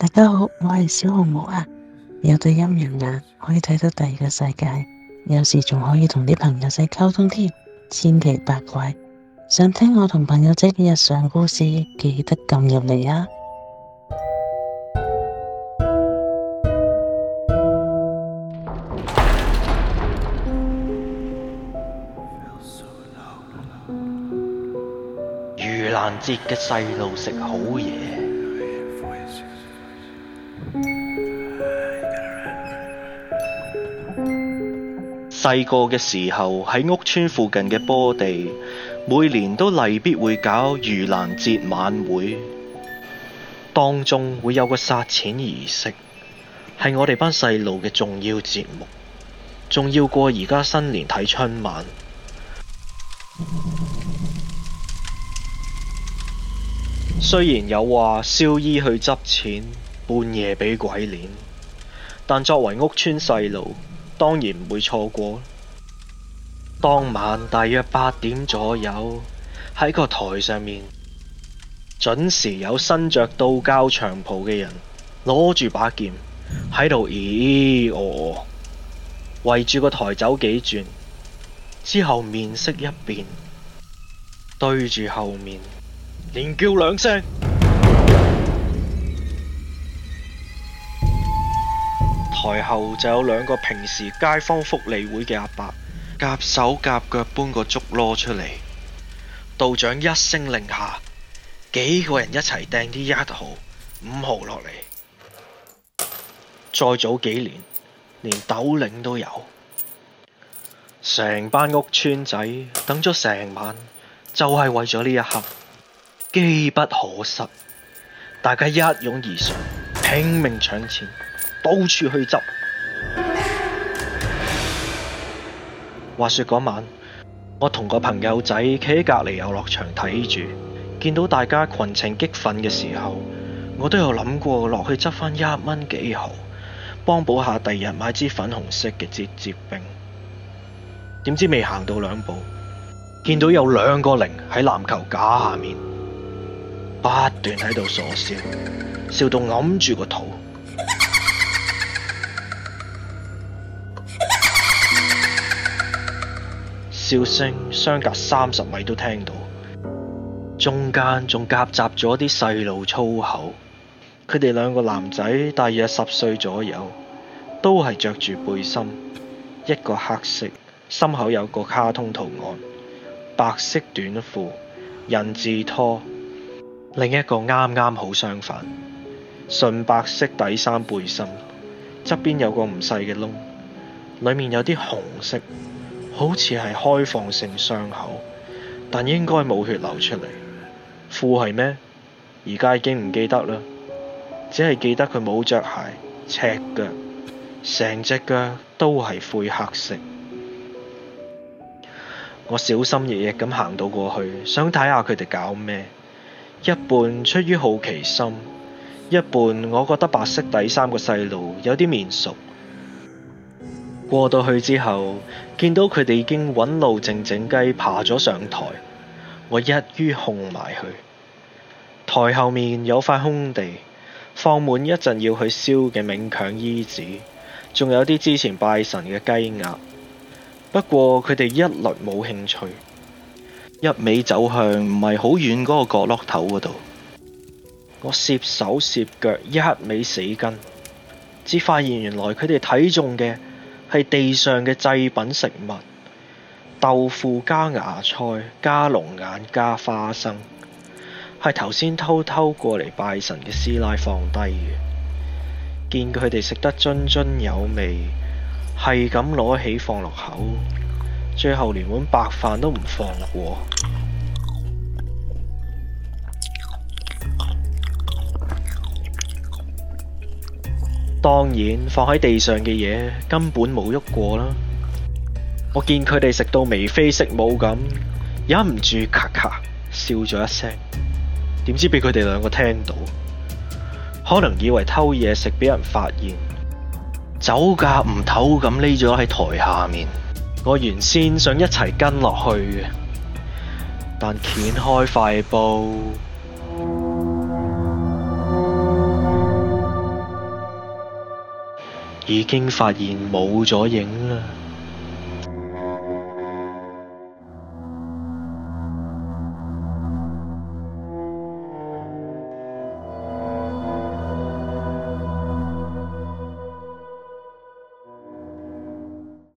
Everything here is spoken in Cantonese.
大家好，我係小紅帽啊，有對陰陽眼可以睇到第二個世界，有時仲可以同啲朋友仔溝通添，千奇百怪。想聽我同朋友仔嘅日常故事，記得撳入嚟啊！盂蘭節嘅細路食好嘢。細個嘅時候，喺屋邨附近嘅波地，每年都例必會搞盂蘭節晚會，當中會有個撒錢儀式，係我哋班細路嘅重要節目，仲要過而家新年睇春晚。雖然有話燒衣去執錢，半夜俾鬼捏，但作為屋邨細路，當然唔會錯過。當晚大約八點左右，喺個台上面，準時有身着道教長袍嘅人攞住把劍喺度咦哦，圍住個台走幾轉，之後面色一變，對住後面連叫兩聲。台後就有兩個平時街坊福利會嘅阿伯，夾手夾腳搬個竹籮出嚟。道長一聲令下，幾個人一齊掟啲一毫、五毫落嚟。再早幾年，連斗零都有。成班屋邨仔等咗成晚，就係、是、為咗呢一刻，機不可失，大家一擁而上，拼命搶錢。到處去執。話說嗰晚，我同個朋友仔企喺隔籬遊樂場睇住，見到大家群情激憤嘅時候，我都有諗過落去執返一蚊幾毫，幫補下第二日買支粉紅色嘅唧唧冰。點知未行到兩步，見到有兩個靈喺籃球架下面，不斷喺度傻笑，笑到揞住個肚。笑聲相隔三十米都聽到，中間仲夾雜咗啲細路粗口。佢哋兩個男仔大約十歲左右，都係着住背心，一個黑色，心口有個卡通圖案，白色短褲，人字拖；另一個啱啱好相反，純白色底衫背心，側邊有個唔細嘅窿，裏面有啲紅色。好似係開放性傷口，但應該冇血流出嚟。褲係咩？而家已經唔記得啦，只係記得佢冇着鞋，赤腳，成隻腳都係灰黑色。我小心翼翼咁行到過去，想睇下佢哋搞咩，一半出於好奇心，一半我覺得白色底衫個細路有啲面熟。過到去之後，見到佢哋已經揾路靜靜雞爬咗上台，我一於拱埋去。台後面有塊空地，放滿一陣要去燒嘅冥鏹衣紙，仲有啲之前拜神嘅雞鴨。不過佢哋一律冇興趣，一味走向唔係好遠嗰個角落頭嗰度。我攝手攝腳一味死跟，只發現原來佢哋睇中嘅係地上嘅祭品食物，豆腐加芽菜加龍眼加花生，係頭先偷偷過嚟拜神嘅師奶放低嘅。見佢哋食得津津有味，係咁攞起放落口，最後連碗白飯都唔放過。當然放喺地上嘅嘢根本冇喐過啦。我見佢哋食到眉飛色舞咁，忍唔住咔咔笑咗一聲。點知俾佢哋兩個聽到，可能以為偷嘢食俾人發現，走夾唔唞咁匿咗喺台下面。我原先想一齊跟落去嘅，但掀開塊布。已經發現冇咗影啦。